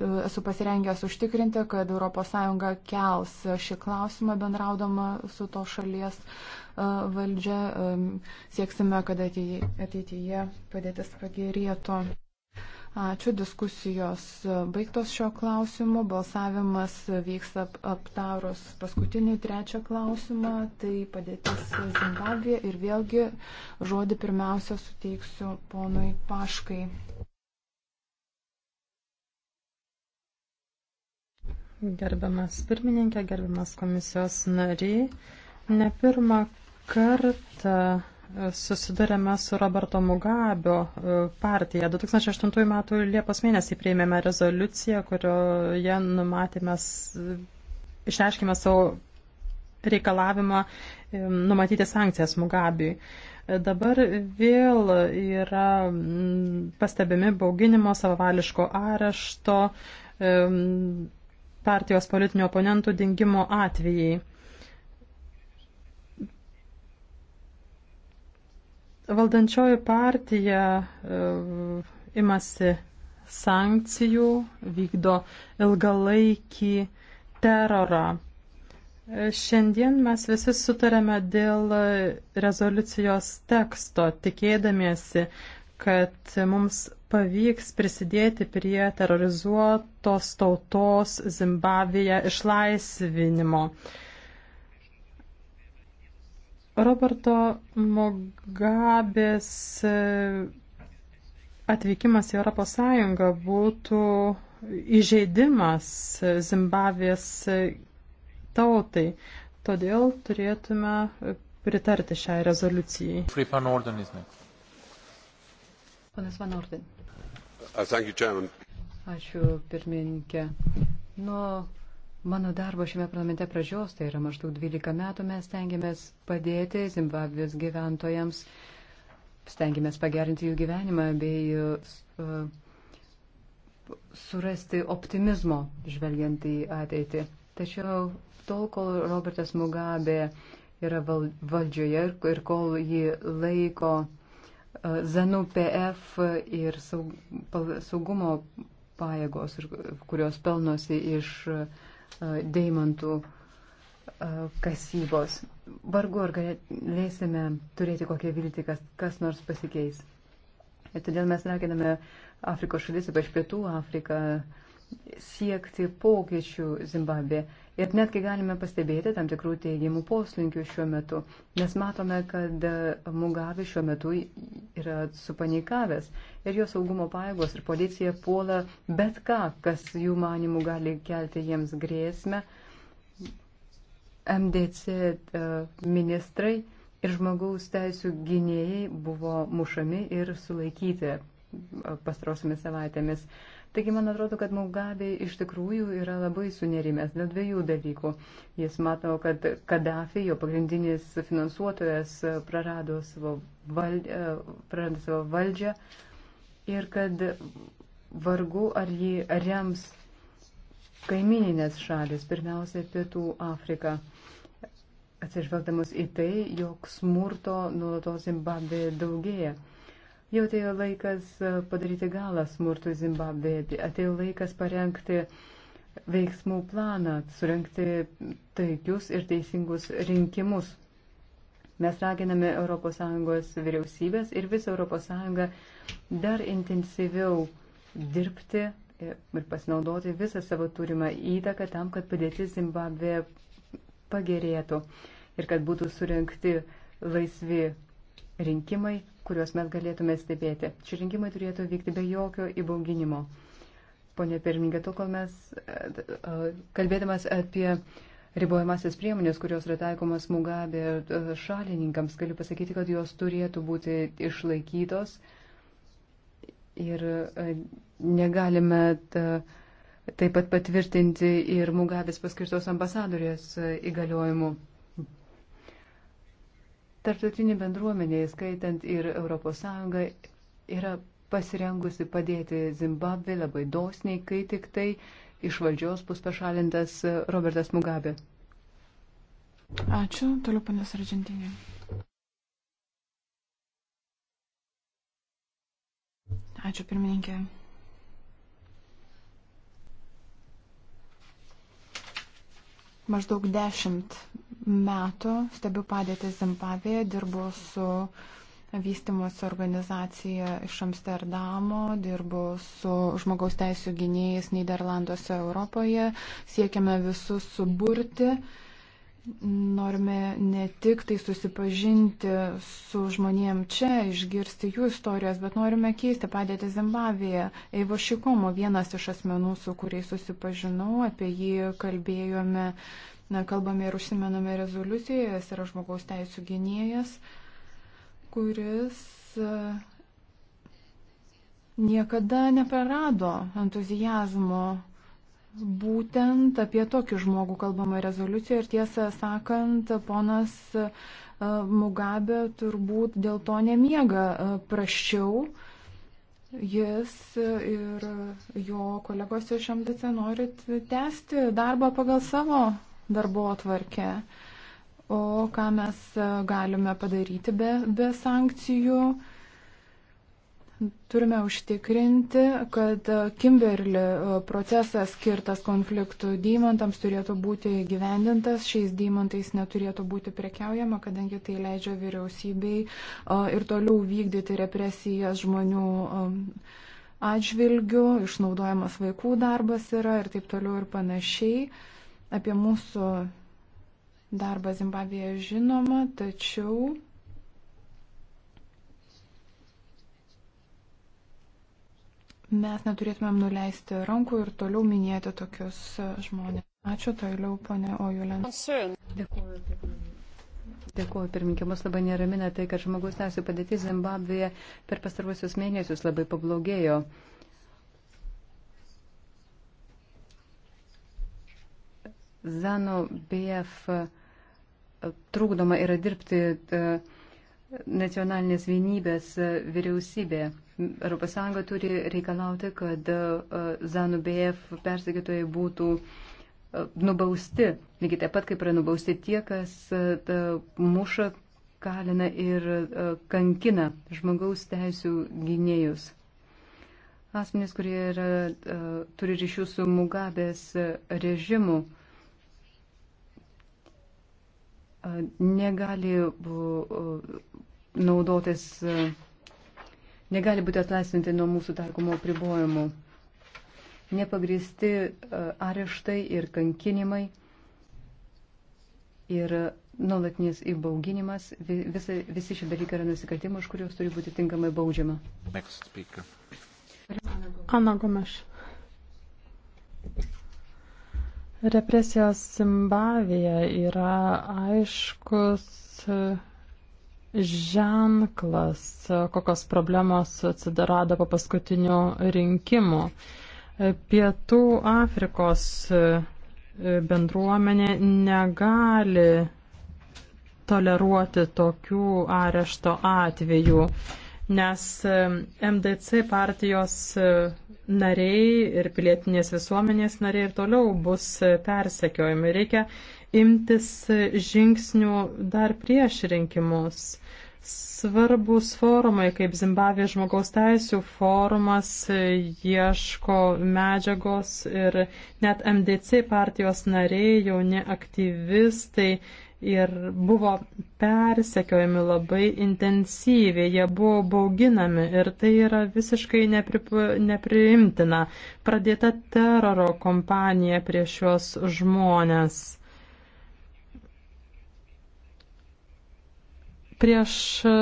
esu pasirengęs užtikrinti, kad ES kels šį klausimą bendraudama su to šalies e, valdžia. E, sieksime, kad ateityje padėtis pagerėtų. Ačiū, diskusijos baigtos šio klausimu. Balsavimas vyks ap aptarus paskutinį trečią klausimą. Tai padėtis Zimbabvė ir vėlgi žodį pirmiausia suteiksiu ponui Paškai. Gerbiamas pirmininkė, gerbiamas komisijos nariai, ne pirmą kartą susidarėme su Roberto Mugabio e, partija. 2008 m. Liepos mėnesį prieimėme rezoliuciją, kurioje numatėme, išreiškėme savo reikalavimą e, numatyti sankcijas Mugabiui. E, dabar vėl yra pastebimi bauginimo, savavališko arešto, partijos politinio oponentų dingimo atvejai. Valdančioji partija e, imasi sankcijų, vykdo ilgalaikį terorą. E, šiandien mes visi sutarėme dėl rezoliucijos teksto, tikėdamiesi, kad mums pavyks prisidėti prie terorizuotos tautos Zimbabvėje išlaisvinimo. Roberto Mogabės e, atvykimas į ES būtų įžeidimas Zimbabvės tautai. Todėl turėtume pritarti šiai rezoliucijai. Panas Van Orden. Uh, Ačiū, pirmininkė. Nuo mano darbo šiame parlamente pradžios, tai yra maždaug 12 metų, mes stengiamės padėti Zimbabvės gyventojams, stengiamės pagerinti jų gyvenimą bei uh, surasti optimizmo žvelgiant į ateitį. Tačiau tol, kol Robertas Mugabe yra valdžioje ir kol jį laiko ZANU PF ir saugumo pajėgos, kurios pelnosi iš e, deimantų e, kasybos. Vargu ar galėsime turėti kokią viltį, kas, kas nors pasikeis. Ir todėl mes raginame Afrikos šalis, ypač Pietų Afriką, siekti pokyčių Zimbabvėje. Ir net kai galime pastebėti tam tikrų teigiamų poslinkių šiuo metu, nes matome, kad Mugavė šiuo metu yra supanikavęs ir jo saugumo paėgos ir policija puola bet ką, kas jų manimų gali kelti jiems grėsmę. MDC e, ministrai ir žmogaus teisų gynėjai buvo mušami ir sulaikyti e, pastarosiomis savaitėmis. Uh, Taigi, man atrodo, kad Mugabe iš tikrųjų yra labai sunerimęs dėl dviejų dalykų. Jis mato, kad Kadafi, jo pagrindinis finansuotojas, prarado savo, valdė, e, prarado savo valdžią ir kad vargu ar jį rems kaimininės šalis, pirmiausia, Pietų Afrika. Atsižvelgdamas į tai, jog smurto nuolatos Zimbabvėje daugėja. Jau atėjo laikas e, padaryti galą smurtui Zimbabvėje, atėjo laikas parengti veiksmų planą, surenkti taikius ir teisingus rinkimus. Mes raginame ES vyriausybės ir visą ES dar intensyviau dirbti ir pasinaudoti visą savo turimą įtaką tam, kad padėtis Zimbabvėje pagerėtų ir kad būtų surinkti laisvi rinkimai, kuriuos mes galėtume stebėti. Šie rinkimai turėtų vykti be jokio įbauginimo. Pone pirmininkė, to, kol mes kalbėdamas apie ribojamasis priemonės, kurios yra taikomas Mugabė šalininkams, galiu pasakyti, kad jos turėtų būti išlaikytos ir negalime taip pat patvirtinti ir Mugabės paskirtos ambasadorės įgaliojimų. Tarptautinė bendruomenė, skaitant ir ES, yra pasirengusi padėti Zimbabvė labai dosniai, kai tik tai iš valdžios bus pašalintas Robertas Mugabe. Ačiū, toliau panas Argentinė. Ačiū pirmininkė. Maždaug dešimt metų stebiu padėtį Zimbabvėje, dirbu su vystimosi organizacija iš Amsterdamo, dirbu su žmogaus teisų gynėjais Niderlanduose Europoje, siekiame visus suburti. Norime ne tik tai susipažinti su žmonėm čia, išgirsti jų istorijas, bet norime keisti padėtį Zimbabvėje. Eivo Šikomo vienas iš asmenų, su kuriais susipažinau, apie jį kalbėjome na, kalbame ir užsimename rezoliucijoje, jis yra žmogaus teisų gynėjas, kuris e, niekada neprarado entuzijazmo būtent apie tokį žmogų kalbama rezoliucijoje ir tiesą sakant, ponas e, Mugabė turbūt dėl to nemiega e, praščiau. Jis ir jo kolegos iš MDC norit tęsti darbą pagal savo darbo atvarkę. O ką mes e, galime padaryti be, be sankcijų? Turime užtikrinti, kad e, Kimberly e, procesas skirtas konfliktų dymantams turėtų būti gyvendintas, šiais dymantais neturėtų būti prekiaujama, kadangi tai leidžia vyriausybei ir toliau vykdyti represijas žmonių atžvilgių, išnaudojamas vaikų darbas yra ir taip toliau ir panašiai. Apie mūsų darbą Zimbabvėje žinoma, tačiau mes neturėtumėm nuleisti rankų ir toliau minėti tokius žmonės. Ačiū toliau, ponė Ojulė. Dėkuoju. Dėkuoju, pirmininkė, mus labai neramina tai, kad žmogus nesų padėti Zimbabvėje per pastaruosius mėnesius labai pablogėjo. Zano BF e, trukdoma yra dirbti e, nacionalinės vienybės e, vyriausybė. ES turi reikalauti, kad Zanu BF persikėtojai būtų nubausti, lygiai taip pat kaip yra nubausti tie, kas muša, kalina ir kankina žmogaus teisų gynėjus. Asmenys, kurie yra, turi ryšių su Mugabės režimu, negali naudotis, negali būti atlaisvinti nuo mūsų tarkumo pribojimų. Nepagristi areštai ir kankinimai ir nuolatinis įbauginimas, visi, visi šie dalykai yra nusikaltimai, už kuriuos turi būti tinkamai baudžiama. Ana Gomes. Represijos Zimbabvėje yra aiškus ženklas, kokios problemos atsidarado po paskutinių rinkimų. Pietų Afrikos bendruomenė negali toleruoti tokių arešto atvejų nes MDC partijos e, nariai ir pilietinės visuomenės nariai ir toliau bus e, persekiojami. Reikia imtis e, žingsnių dar prieš rinkimus. Svarbus forumai, kaip Zimbabvės žmogaus teisų forumas, ieško medžiagos ir net MDC partijos nariai, jauni aktyvistai ir buvo persekiojami labai intensyviai, jie buvo bauginami ir tai yra visiškai nepri, nepriimtina. Pradėta teroro kompanija prieš šios žmonės. Prieš e,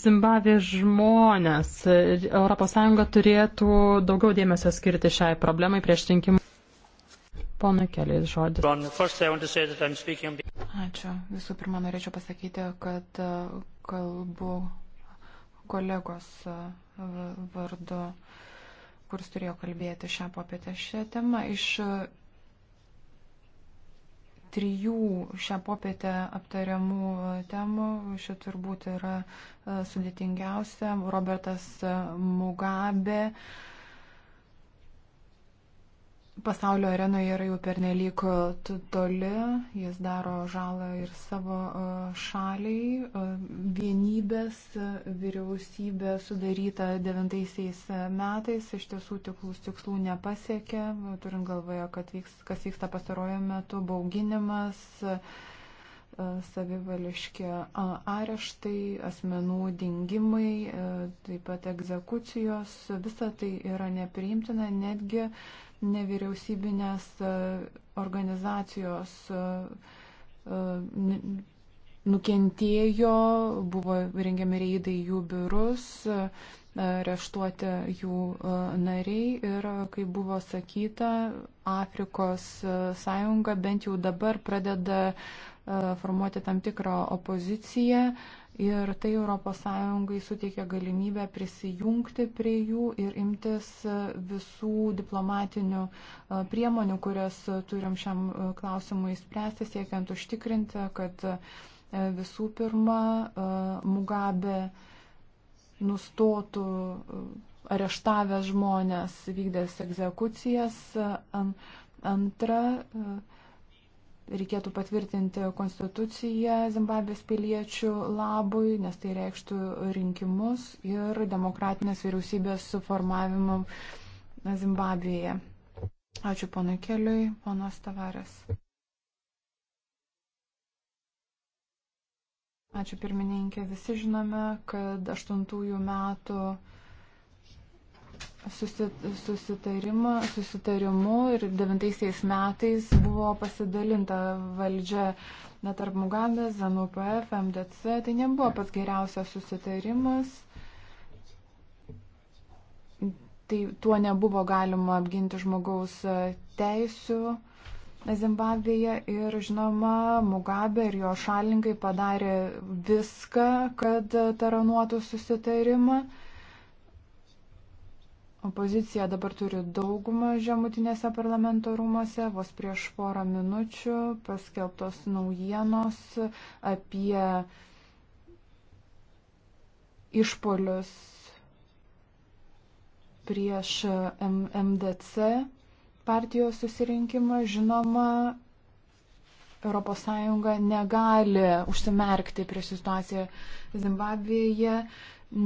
Zimbabvės žmonės ES turėtų daugiau dėmesio skirti šiai problemai prieš rinkimą. Ponui keliais žodis. Ačiū. Visų pirma, norėčiau pasakyti, kad e, kalbu kolegos e, vardu, kuris turėjo kalbėti šią popietę šią temą. Iš e, trijų šią popietę aptariamų temų, ši turbūt yra sudėtingiausia. Robertas Mugabe pasaulio arenoje yra jau pernelyg e, toli, jis daro žalą ir savo e, šaliai. E, vienybės vyriausybė sudaryta devintaisiais metais iš tiesų tiklus tikslų nepasiekė, turint galvoje, kad vyks, kas vyksta pastarojame metu, bauginimas, savivališki areštai, asmenų dingimai, taip pat egzekucijos, visa tai yra nepriimtina netgi nevyriausybinės e, organizacijos e, e, nukentėjo, buvo rengiami reidai jų biurus, reštuoti jų nariai ir, kaip buvo sakyta, Afrikos sąjunga bent jau dabar pradeda E, formuoti tam tikrą opoziciją ir tai ES suteikia galimybę prisijungti prie jų ir imtis visų diplomatinių e, priemonių, kurias turim šiam e, klausimui spręsti, siekiant užtikrinti, kad visų pirma Mugabe nustotų areštavęs žmonės, vykdęs egzekucijas. Antra, reikėtų patvirtinti konstituciją Zimbabvės piliečių labui, nes tai reikštų rinkimus ir demokratinės vyriausybės suformavimą Zimbabvėje. Ačiū ponui Keliui, ponas Tavaras. Ačiū pirmininkė. Visi žinome, kad aštuntųjų metų susitarimu ir devintaisiais metais buvo pasidalinta valdžia net tarp Mugandės, ZANUPF, MDC. Tai nebuvo pats geriausias susitarimas. Tai tuo nebuvo galima apginti žmogaus teisių. Zimbabvėje ir, žinoma, Mugabe ir jo šalinkai padarė viską, kad taranuotų susitarimą. Opozicija dabar turi daugumą žemutinėse parlamento rūmose. Vos prieš porą minučių paskelbtos naujienos apie išpolius prieš MDC partijos susirinkimą. Žinoma, ES negali užsimerkti prieš situaciją Zimbabvėje,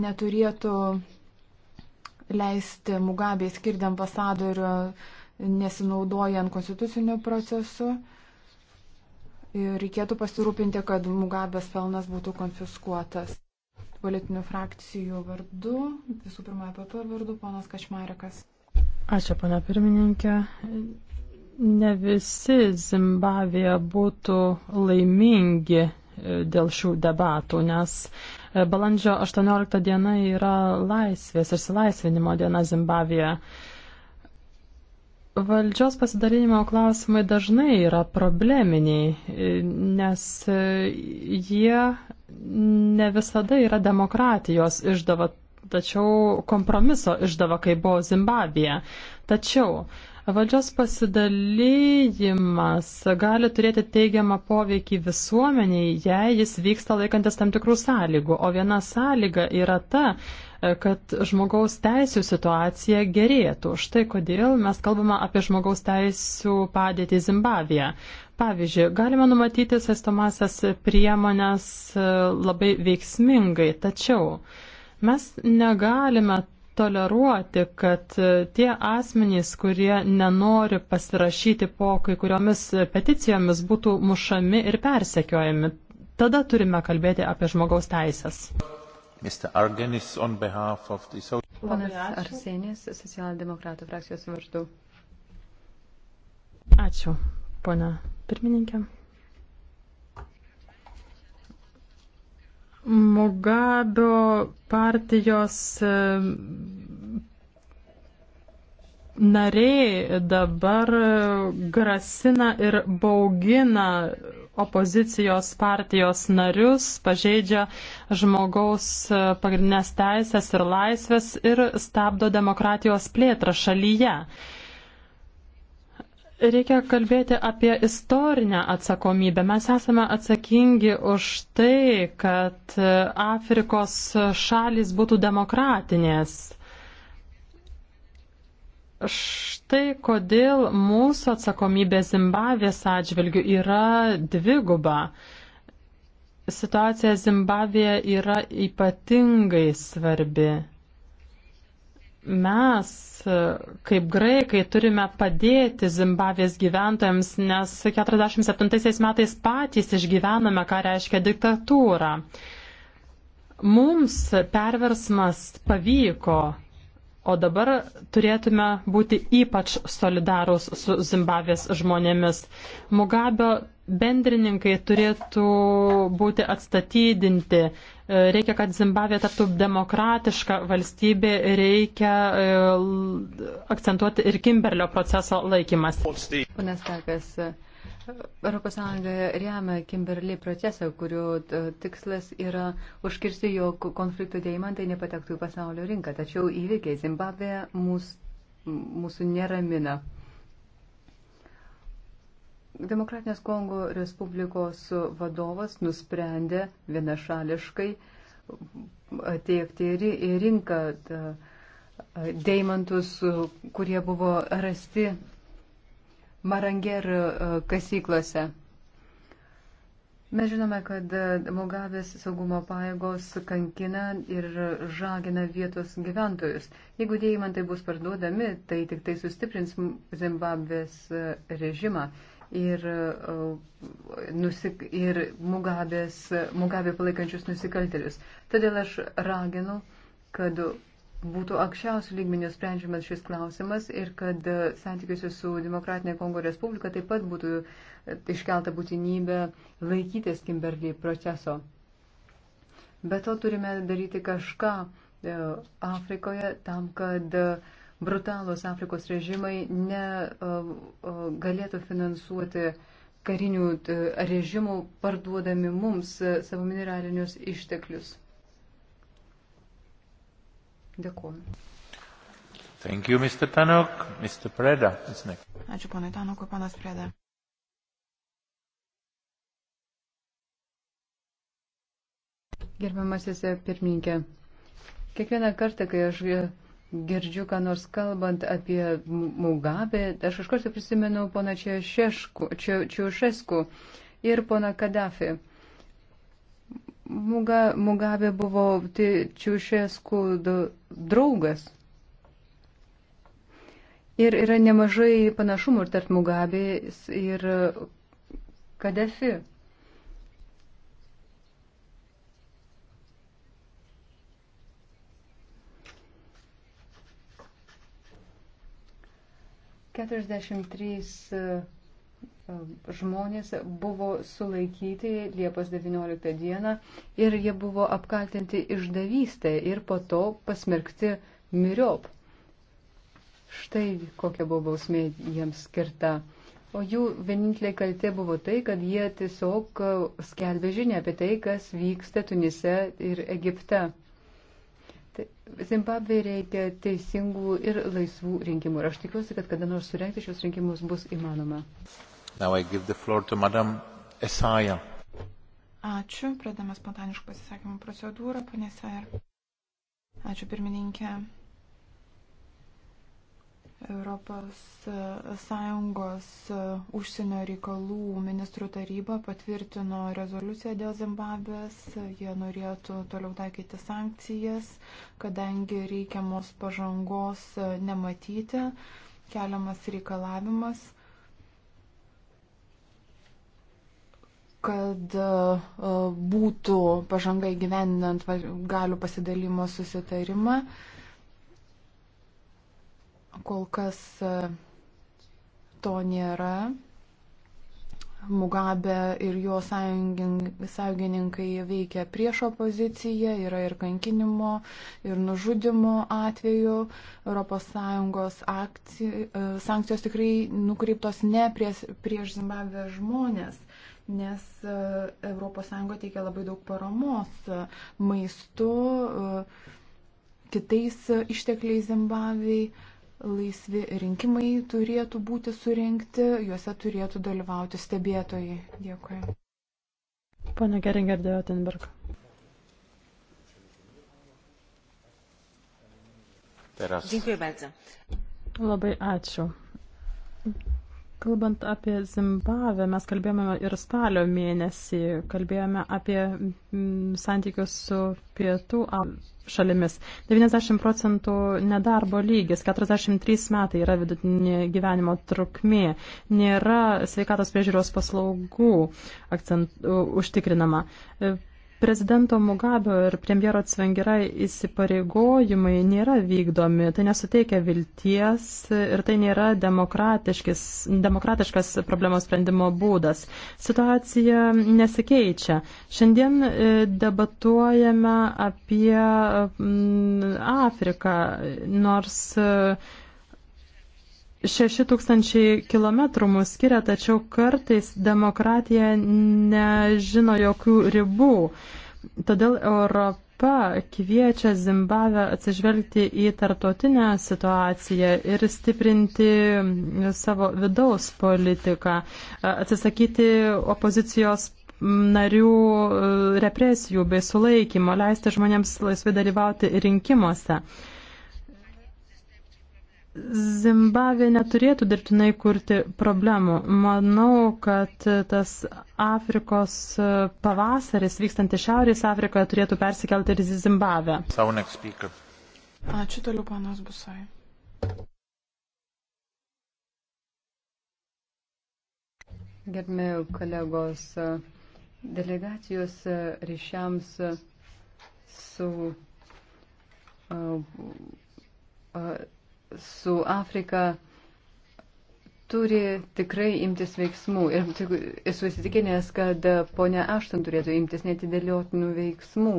neturėtų leisti Mugabė skirti ambasadorių nesinaudojant konstituciniu procesu. Ir reikėtų pasirūpinti, kad Mugabės pelnas būtų konfiskuotas. Politinių frakcijų vardu, visų pirma, PP vardu, ponas Kačmarikas. Ačiū, pana pirmininkė. Ne visi Zimbabvėje būtų laimingi e, dėl šių debatų, nes uh, Balandžio 18 diena yra laisvės, išsilaisvinimo diena Zimbabvėje. Valdžios pasidalinimo klausimai dažnai yra probleminiai, nes jie ne visada yra demokratijos išdava, tačiau kompromiso išdava, kai buvo Zimbabvėje. Tačiau Valdžios pasidalyjimas gali turėti teigiamą poveikį visuomeniai, jei jis vyksta laikantis tam tikrų sąlygų, o viena sąlyga yra ta, kad žmogaus teisų situacija gerėtų. Štai kodėl mes kalbame apie žmogaus teisų padėtį Zimbabvėje. Pavyzdžiui, galime numatyti saistomasias priemonės e, labai veiksmingai, tačiau mes negalime toleruoti, kad e, tie asmenys, kurie nenori pasirašyti po kai kuriomis peticijomis, būtų mušami ir persekiojami. Tada turime kalbėti apie žmogaus teisės. Argenis, the... Ponas Arsenis, socialdemokratų frakcijos vardu. Ačiū, ponia pirmininkė. Mugabio partijos e, nariai dabar grasina ir baugina opozicijos partijos narius, pažeidžia žmogaus e, pagrindinės teisės ir laisvės ir stabdo demokratijos plėtrą šalyje reikia kalbėti apie istorinę atsakomybę. Mes esame atsakingi už tai, kad Afrikos šalis būtų demokratinės. Štai kodėl mūsų atsakomybė Zimbabvės atžvilgių yra dviguba. Situacija Zimbabvėje yra ypatingai svarbi mes, kaip graikai, turime padėti Zimbabvės gyventojams, nes 47 metais patys išgyvenome, ką reiškia diktatūra. Mums perversmas pavyko, o dabar turėtume būti ypač solidarūs su Zimbabvės žmonėmis. Mugabio bendrininkai turėtų būti atstatydinti. E, reikia, kad Zimbabvė taptų demokratiška valstybė, reikia e, akcentuoti ir Kimberlio proceso laikymas. Ponas Takas, ES remia Kimberlį procesą, kurio e, tikslas yra užkirsti, jog konflikto deimantai nepatektų į pasaulio rinką. Tačiau įvykiai Zimbabvėje mūsų, mūsų neramina. Demokratinės Kongo Respublikos vadovas nusprendė vienašališkai tiekti į rinką deimantus, kurie buvo rasti Maranger e, kasyklose. Mes žinome, kad Mugabės saugumo pajėgos kankina ir žagina vietos gyventojus. Jeigu deimantai bus parduodami, tai tik tai sustiprins Zimbabvės režimą ir, e, nusik, ir Mugabės, Mugabė palaikančius nusikaltelius. Todėl aš raginu, kad būtų aukščiausių lygmenių sprendžiamas šis klausimas ir kad santykiuose su Demokratinė Kongo Respublika taip pat būtų e, iškelta būtinybė laikytis Kimberly proceso. Be to turime daryti kažką e, Afrikoje tam, kad uh, brutalūs Afrikos režimai negalėtų finansuoti karinių režimų, parduodami mums e, savo mineralinius išteklius. Dėkuoju. Thank you, Mr. Tanok. Mr. Preda is next. Ačiū, ponai Tanokui, panas Preda. Gerbiamasis pirmininkė, kiekvieną kartą, kai aš girdžiu, ką nors kalbant apie Mugabę, aš iš karto prisimenu poną Čiaušesku ir poną Kadafį. Muga, Mugabė buvo Čiaušesku draugas. Ir yra nemažai panašumų ir tarp Mugabės ir Kadafi. 43 e, e, žmonės buvo sulaikyti Liepos 19 dieną ir jie buvo apkaltinti išdavystę ir po to pasmerkti miriop. Štai kokia buvo bausmė jiems skirta. O jų vienintelė kaltė buvo tai, kad jie tiesiog e, skelbė žinę apie tai, kas vyksta Tunise ir Egipte. Tai Zimbabvei reikia teisingų ir laisvų rinkimų. Ir aš tikiuosi, kad kada nors surenkti šios rinkimus bus įmanoma. Ačiū. Pradame spontaniškų pasisakymų procedūrą, ponė Sair. Ačiū pirmininkė. ES e, e, užsienio reikalų ministrų taryba patvirtino rezoliuciją dėl Zimbabvės. Jie norėtų toliau taikyti sankcijas, kadangi reikiamos pažangos e, nematyti, keliamas reikalavimas kad būtų pažanga įgyvendinant galių pasidalimo susitarimą. Uh, Kol kas e, to nėra. Mugabe ir jo sąjungininkai veikia prieš opoziciją, yra ir kankinimo, ir nužudimo atveju. ES akci... E, sankcijos tikrai nukreiptos ne prieš, prieš Zimbabvės žmonės, nes ES teikia labai daug paramos maistu, e, kitais ištekliais Zimbabvei laisvi rinkimai turėtų būti surinkti, juose turėtų dalyvauti stebėtojai. Dėkui. Pana Geringer Deotenberg. Teraz. Dziękuję bardzo. Labai ačiū. Kalbant apie Zimbabvę, mes kalbėjome ir spalio mėnesį, kalbėjome apie mm, santykius su pietų. Afrika šalimis. 90 procentų nedarbo lygis, 43 metai yra vidutinė gyvenimo trukmė, nėra sveikatos priežiūros paslaugų akcent, užtikrinama. Prezidento Mugabio ir premjero Cvengirai įsipareigojimai nėra vykdomi, tai nesuteikia vilties ir tai nėra demokratiškas problemos sprendimo būdas. Situacija nesikeičia. Šiandien e, debatuojame apie Afriką, nors e, Šeši tūkstančiai kilometrų mus skiria, tačiau kartais demokratija nežino jokių ribų. Todėl Europa kviečia Zimbabvę atsižvelgti į tartotinę situaciją ir stiprinti savo vidaus politiką, atsisakyti opozicijos narių represijų bei sulaikymo, leisti žmonėms laisvai dalyvauti rinkimuose. Zimbabvė neturėtų dirbtinai kurti problemų. Manau, kad tas Afrikos pavasaris vykstantis Šiaurės Afrikoje turėtų persikelti ir į Zimbabvę. Ačiū toliau, panas Busai. Gerbėjau kolegos delegacijos ryšiams su. Uh, uh, su Afrika turi tikrai imtis veiksmų. Ir esu įsitikinęs, kad ponia Ašton turėtų imtis netidėliotinų veiksmų.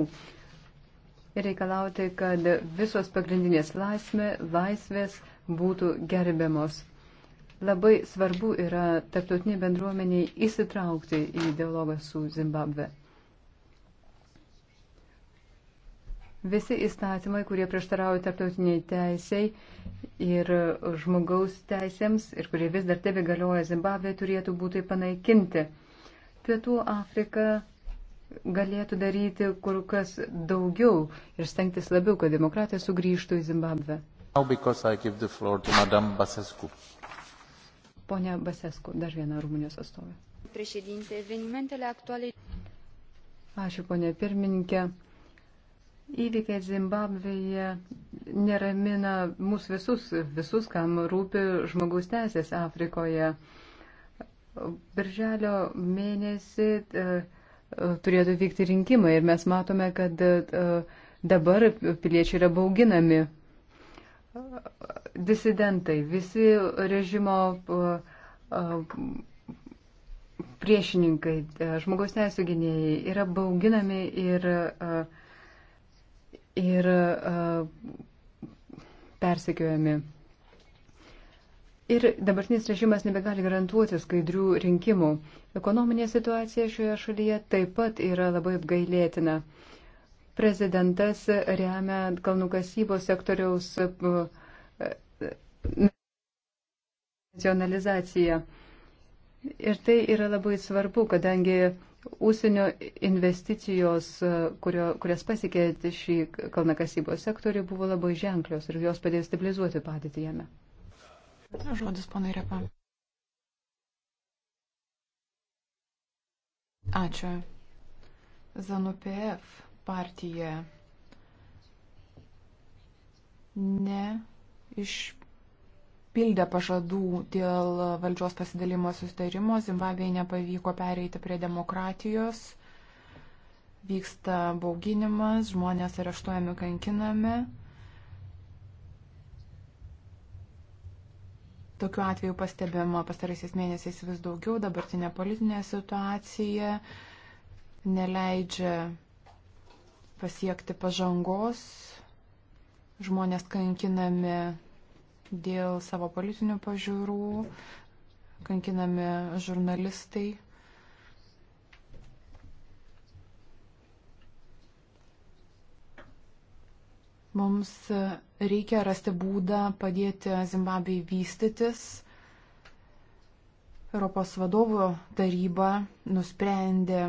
Ir reikalauti, kad visos pagrindinės laisvė, laisvės būtų gerbiamos. Labai svarbu yra tarptautinė bendruomenė įsitraukti į dialogą su Zimbabve. Visi įstatymai, kurie prieštarauja tarptautiniai teisiai ir žmogaus teisėms ir kurie vis dar tebe galioja Zimbabvėje, turėtų būti panaikinti. Pietų Afrika galėtų daryti kur kas daugiau ir stengtis labiau, kad demokratija sugrįžtų į Zimbabvę. Pone Basescu, dar viena Rumunijos atstovė. Evenimentele actuale... Ačiū, ponė pirmininkė. Įvykiai Zimbabvėje neramina mūsų visus, visus, kam rūpi žmogaus teisės Afrikoje. Birželio mėnesį e, e, turėtų vykti rinkimai ir mes matome, kad e, dabar piliečiai yra bauginami. Disidentai, visi režimo priešininkai, žmogaus teisų gynėjai yra bauginami ir uh, ir e, persekiojami. Ir dabartinis režimas nebegali garantuoti skaidrių rinkimų. Ekonominė situacija šioje šalyje taip pat yra labai apgailėtina. Prezidentas remia kalnukasybos sektoriaus e, nacionalizaciją. Ir tai yra labai svarbu, kadangi Užsienio investicijos, e, kurio, kurias pasiekė šį kalnakasybos sektorių, buvo labai ženklios ir jos padėjo stabilizuoti padėtį jame. Žodis, ponai Repa. Ačiū. ZANUPF partija ne iš nepildė pažadų dėl valdžios pasidalimo sustarimo, Zimbabvėje nepavyko pereiti prie demokratijos, vyksta bauginimas, žmonės areštuojami, kankinami. Tokiu atveju pastebima pastaraisiais mėnesiais vis daugiau, dabartinė politinė situacija neleidžia pasiekti pažangos, žmonės kankinami dėl savo politinių pažiūrų, kankinami žurnalistai. Mums reikia rasti būdą padėti Zimbabvei vystytis. Europos vadovų taryba nusprendė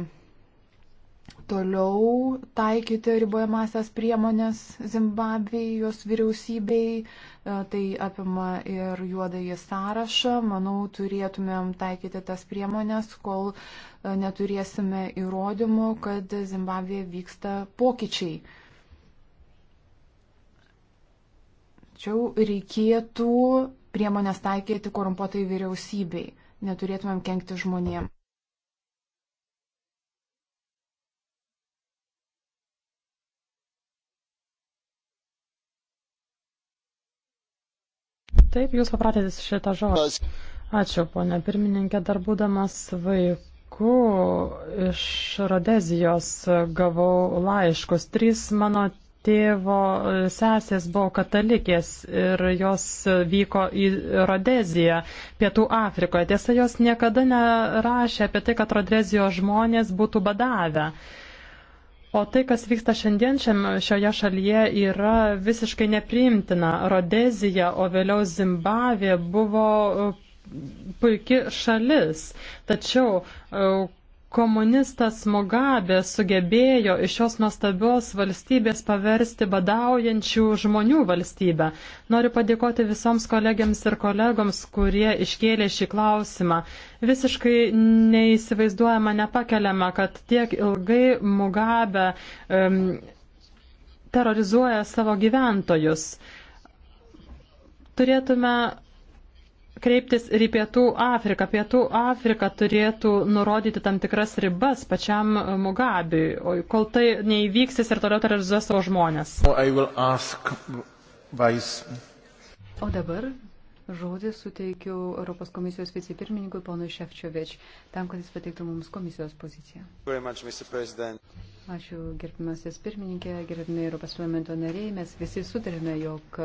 toliau taikyti ribojamasias priemonės Zimbabvei, jos vyriausybei, E, tai apima ir juodąjį sąrašą. Manau, turėtumėm taikyti tas priemonės, kol e, neturėsime įrodymų, kad Zimbabvėje vyksta pokyčiai. Tačiau reikėtų priemonės taikyti korumpuotai vyriausybei. Neturėtumėm kenkti žmonėm. Taip, jūs papratėte šitą žodį. Ačiū, ponė pirmininkė, dar būdamas vaiku iš Rodezijos gavau laiškus. Trys mano tėvo sesės buvo katalikės ir jos vyko į Rodeziją, Pietų Afrikoje. Tiesa, jos niekada nerašė apie tai, kad Rodezijos žmonės būtų badavę. O tai, kas vyksta šiandien šioje šalyje, yra visiškai nepriimtina. Rodezija, o vėliau Zimbabvė buvo uh, puikia šalis. Tačiau uh, komunistas Mugabė sugebėjo iš šios nuostabios valstybės paversti badaujančių žmonių valstybę. Noriu padėkoti visoms kolegiams ir kolegoms, kurie iškėlė šį klausimą. Visiškai neįsivaizduojama, nepakeliama, kad tiek ilgai Mugabė um, terrorizuoja savo gyventojus. Turėtume kreiptis ir į Pietų Afriką. Pietų Afrika turėtų nurodyti tam tikras ribas pačiam Mugabiui, o kol tai neįvyks, jis ir toliau terorizuos savo žmonės. O dabar žodį suteikiu Europos komisijos vicepirmininkui ponui Šefčiovič, tam, kad jis pateiktų mums komisijos poziciją. Ačiū, gerbimasis pirmininkė, gerbimi Europos parlamento nariai, mes visi sutarėme, jog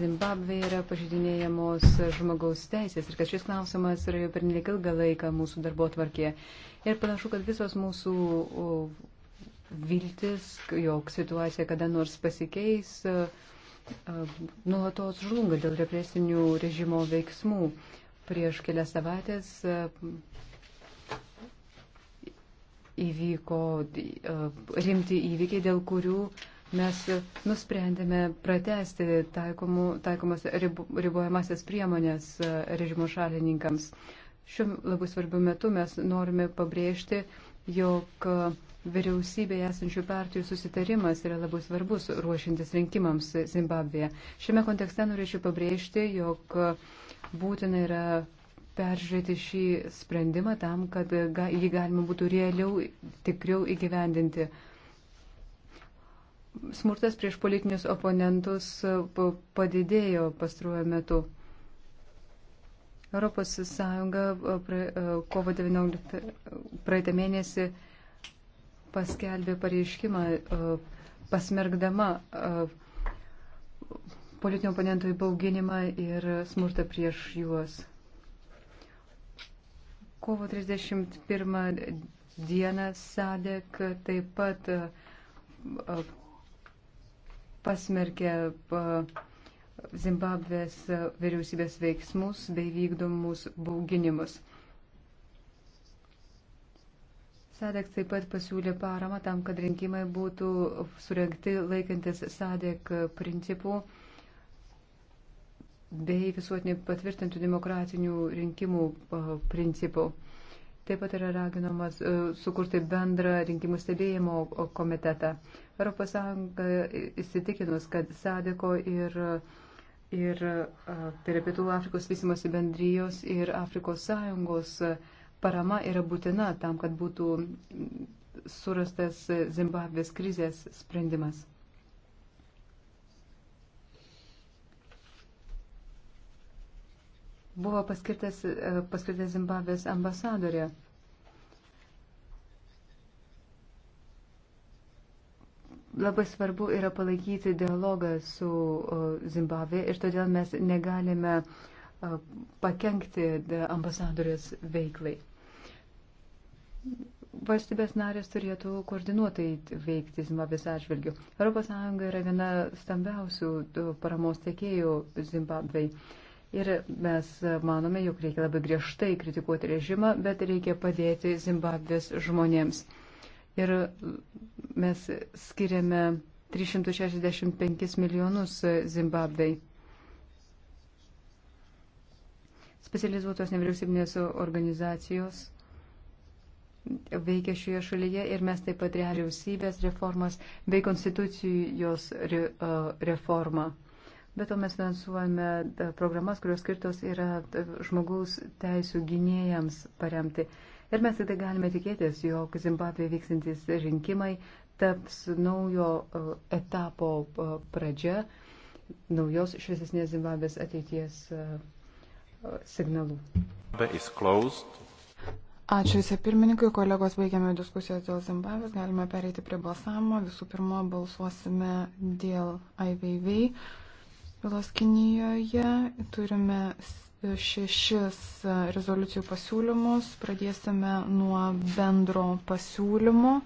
Zimbabvėje yra pažydinėjamos žmogaus teisės ir kad šis klausimas yra jau per nelik ilgą laiką mūsų darbo tvarkė. Ir panašu, kad visos mūsų viltis, jog situacija kada nors pasikeis, nuolatos žlunga dėl represinių režimo veiksmų. Prieš kelias savaitės įvyko rimti įvykiai, dėl kurių uh, mes nusprendėme pratesti taikomų, taikomas ribojamasias priemonės e, režimo šalininkams. Šiuo labai svarbiu metu mes norime pabrėžti, jog vyriausybėje esančių partijų susitarimas yra labai svarbus ruošintis rinkimams Zimbabvėje. Šiame kontekste norėčiau pabrėžti, jog būtina yra peržiūrėti šį sprendimą tam, kad jį galima būtų realiau, tikriau įgyvendinti smurtas prieš politinius oponentus e, padidėjo pastruoju metu. Europos Sąjunga e, e, kovo 19 praeitą mėnesį paskelbė pareiškimą pasmergdama politinio oponento įbauginimą ir smurtą prieš juos. Kovo 31 dieną Sadek taip pat pasmerkė Zimbabvės vyriausybės veiksmus bei vykdomus bauginimus. Sadek taip pat pasiūlė paramą tam, kad rinkimai būtų surinkti laikantis Sadek principų bei visuotinį patvirtintų demokratinių rinkimų principų. Taip pat yra raginamas e, sukurti bendrą rinkimų stebėjimo komitetą. ES įsitikinus, kad Sadeko ir, ir e, tai yra Pietų Afrikos vystimosi bendrijos ir Afrikos sąjungos parama yra būtina tam, kad būtų surastas Zimbabvės krizės sprendimas. buvo paskirtas, e, paskirtas Zimbabvės ambasadorė. Labai svarbu yra palaikyti dialogą su Zimbabvė ir todėl mes negalime pakengti e, ambasadorės veiklai. Valstybės narės turėtų koordinuotai veikti Zimbabvės atžvilgių. ES yra viena stambiausių paramos tiekėjų Zimbabvei. Ir mes manome, jog reikia labai griežtai kritikuoti režimą, bet reikia padėti Zimbabvės žmonėms. Ir mes skiriame 365 milijonus Zimbabvei. Specializuotos nevyriausybinės organizacijos veikia šioje šalyje ir mes taip pat vyriausybės reformas bei konstitucijos reformą. Bet to mes finansuojame e, programas, kurios skirtos yra e, žmogaus teisų gynėjams paremti. Ir mes tada galime tikėtis, jog Zimbabvėje vykstantis rinkimai taps naujo e, etapo pradžia, naujos šviesesnės Zimbabvės ateities signalų. Ačiū visi pirmininkui, kolegos, baigiame diskusijas dėl Zimbabvės, galime pereiti prie balsavimo. Visų pirma, balsuosime dėl IVV bylos Kinijoje. Turime šešis rezoliucijų pasiūlymus. Pradėsime nuo bendro pasiūlymo.